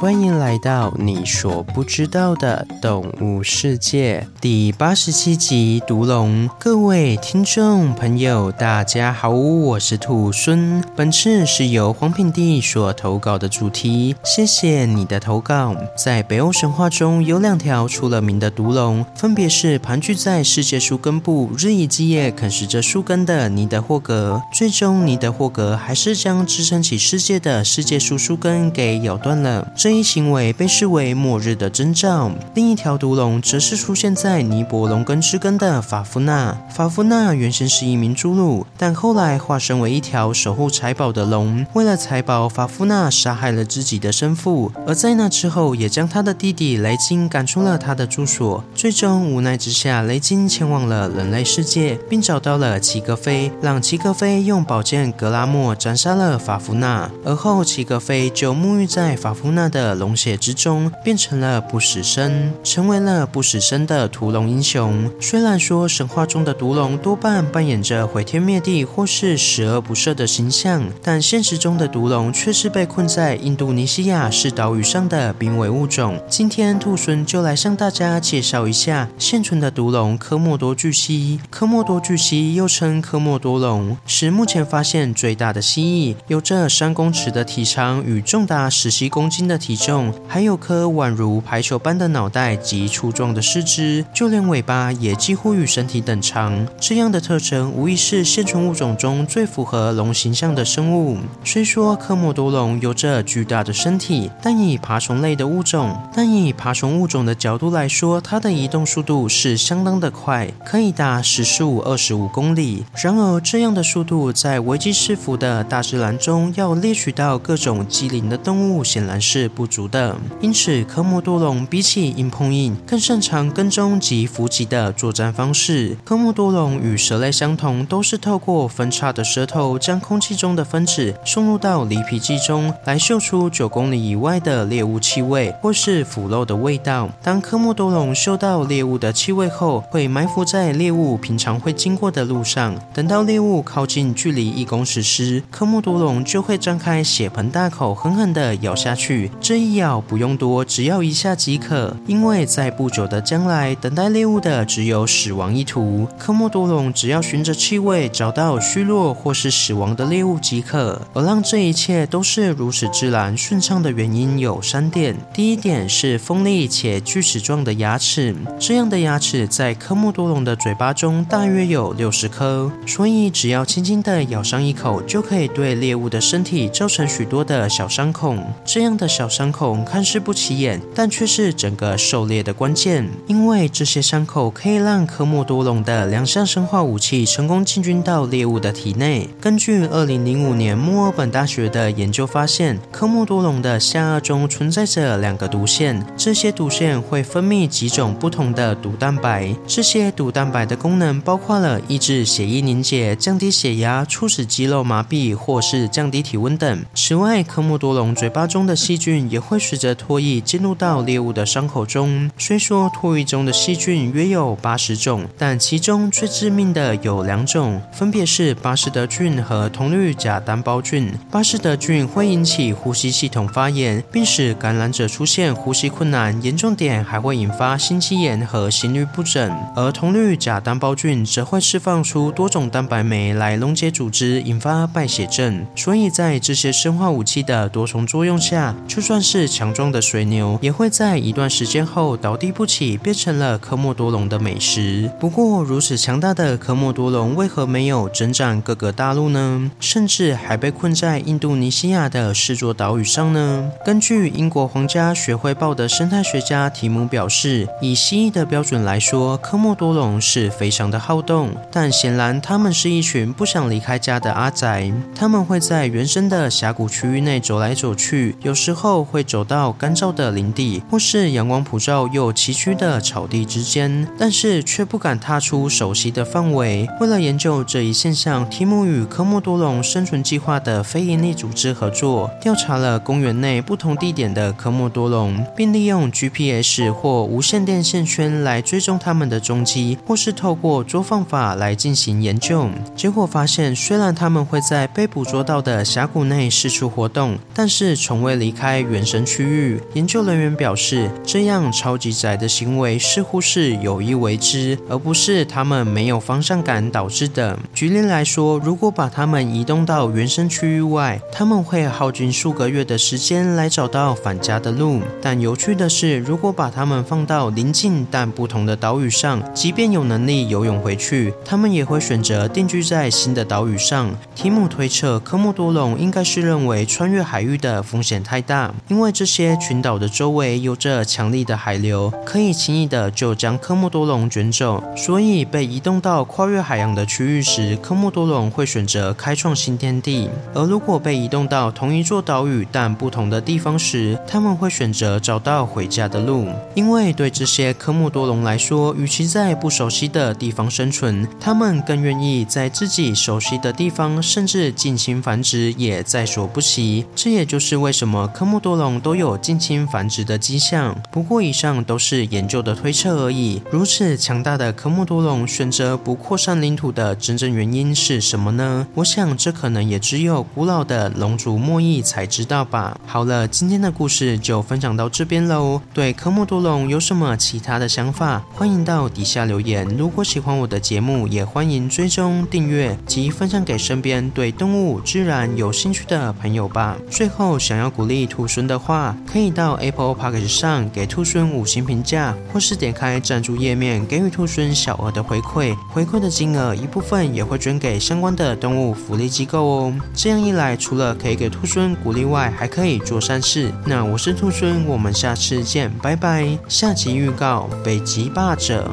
歡迎來到你所不知道的動物世界第八十七集《毒龍》。各位聽眾朋友，大家好，我是兔猻。本次是由黃品帝所投稿的主題，謝謝你的投稿。在北歐神話中有兩條出了名的毒龍，分別是盤踞在世界樹根部、日以繼夜啃食着樹根的尼德霍格。最終，尼德霍格還是將支撐起世界的世界樹樹根給咬斷了。這這一行為被視為末日的徵兆。另一條毒龍則是出現在尼伯龍根之根的法夫納。法夫納原先是一名侏儒，但後來化身為一條守護財寶的龍。為了財寶，法夫納殺害了自己的生父，而在那之後，也將他的弟弟雷金趕出了他的住所。最終無奈之下，雷金前往了人類世界，並找到了齊格飛，讓齊格飛用寶劍格拉莫斬殺了法夫納。而後，齊格飛就沐浴在法夫納的。的龍血之中變成了不死身，成為了不死身的屠龍英雄。雖然說神話中的毒龍多半扮演着毀天滅地或是十惡不赦的形象，但現實中的毒龍卻是被困在印度尼西亞是島嶼上的瀕危物種。今天兔猻就來向大家介紹一下現存的毒龍科——科摩多巨蜥。科摩多巨蜥又稱科摩多龍，是目前發現最大的蜥蜴，有着三公尺的體長與重達十七公斤的體。體重還有顆宛如排球般的腦袋及粗壯的四肢，就連尾巴也幾乎與身體等長。這樣的特徵無疑是現存物種中最符合龍形象的生物。雖說科莫多龍有着巨大的身體，但以爬蟲類的物種，但以爬蟲物種的角度來說，它的移動速度是相當的快，可以達時速二十五公里。然而這樣的速度，在危機四伏的大自然中，要獵取到各種機靈的動物顯然是不不足的，因此科莫多龍比起硬碰硬更擅長跟蹤及伏擊的作戰方式。科莫多龍與蛇類相同，都是透過分叉的舌頭將空氣中的分子送入到犁鼻器中，來嗅出九公里以外的獵物氣味或是腐肉的味道。當科莫多龍嗅到獵物的氣味後，會埋伏在獵物平常會經過的路上，等到獵物靠近距離一公尺時，科莫多龍就會張開血盆大口，狠狠地咬下去。這一咬不用多，只要一下即可，因為在不久的將來，等待獵物的只有死亡一途。科莫多龍只要循着氣味找到虛弱或是死亡的獵物即可，而讓這一切都是如此自然順暢的原因有三點：第一點是鋒利且鋸齒狀的牙齒，這樣的牙齒在科莫多龍的嘴巴中大約有六十顆，所以只要輕輕的咬上一口，就可以對獵物的身體造成許多的小傷口。這樣的小。傷口看似不起眼，但卻是整個狩獵的關鍵，因為這些傷口可以讓科莫多龍的兩項生化武器成功進軍到獵物的體內。根據2005年墨爾本大學的研究發現，科莫多龍的下顎中存在着兩個毒腺，這些毒腺會分泌幾種不同的毒蛋白。這些毒蛋白的功能包括了抑制血液凝結、降低血壓、促使肌肉麻痹或是降低體溫等。此外，科莫多龍嘴巴中的細菌。也會隨着唾液進入到獵物的傷口中。雖說唾液中的細菌約有八十種，但其中最致命的有兩種，分別是巴斯德菌和銅綠假單胞菌。巴斯德菌會引起呼吸系統發炎，並使感染者出現呼吸困難，嚴重點還會引發心肌炎和心律不整。而銅綠假單胞菌則會釋放出多種蛋白酶來溶解組織，引發敗血症。所以在這些生化武器的多重作用下，就。算是強壯的水牛，也會在一段時間後倒地不起，變成了科莫多龍的美食。不過，如此強大的科莫多龍為何沒有征戰各個大陸呢？甚至還被困在印度尼西亞的四座島嶼上呢？根據英國皇家學會報的生態學家提姆表示，以蜥蜴的標準來說，科莫多龍是非常的好動，但顯然他們是一群不想離開家的阿宅。他們會在原生的峽谷區域內走來走去，有時候。會走到乾燥的林地，或是陽光普照又崎嶇的草地之間，但是卻不敢踏出熟悉的範圍。為了研究這一現象，提姆與科莫多龍生存計劃的非營利組織合作，調查了公園內不同地點的科莫多龍，並利用 GPS 或無線電線圈來追蹤它們的蹤跡，或是透過捉放法來進行研究。結果發現，雖然它們會在被捕捉到的峽谷內四處活動，但是從未離開。原生區域，研究人員表示，這樣超級宅的行為似乎是有意為之，而不是他們沒有方向感導致的。舉例來說，如果把它們移動到原生區域外，他們會耗盡數個月的時間來找到返家的路。但有趣的是，如果把它們放到臨近但不同的島嶼上，即便有能力游泳回去，它們也會選擇定居在新的島嶼上。提姆推測，科摩多龍應該是認為穿越海域的風險太大。因為這些群島的周圍有着強力的海流，可以輕易的就將科莫多龍捲走，所以被移動到跨越海洋的區域時，科莫多龍會選擇開創新天地；而如果被移動到同一座島嶼但不同的地方時，他們會選擇找到回家的路。因為對這些科莫多龍來說，與其在不熟悉的地方生存，他們更願意在自己熟悉的地方，甚至盡情繁殖也在所不惜。這也就是為什麼科莫多。多龍都有近親繁殖的跡象，不過以上都是研究的推測而已。如此強大的科莫多龍選擇不擴散領土的真正原因是什麼呢？我想這可能也只有古老的龍族末裔才知道吧。好了，今天的故事就分享到這邊嘍。對科莫多龍有什麼其他的想法，歡迎到底下留言。如果喜歡我的節目，也歡迎追蹤訂閱及分享給身邊對動物自然有興趣的朋友吧。最後，想要鼓勵兔猻。的話，可以到 Apple Podcast 上給兔猻五星評價，或是點開贊助頁面給予兔猻小額的回饋，回饋的金額一部分也會捐給相關的動物福利機構哦。這樣一來，除了可以給兔猻鼓勵外，還可以做善事。那我是兔猻，我們下次見，拜拜。下集預告：北極霸者。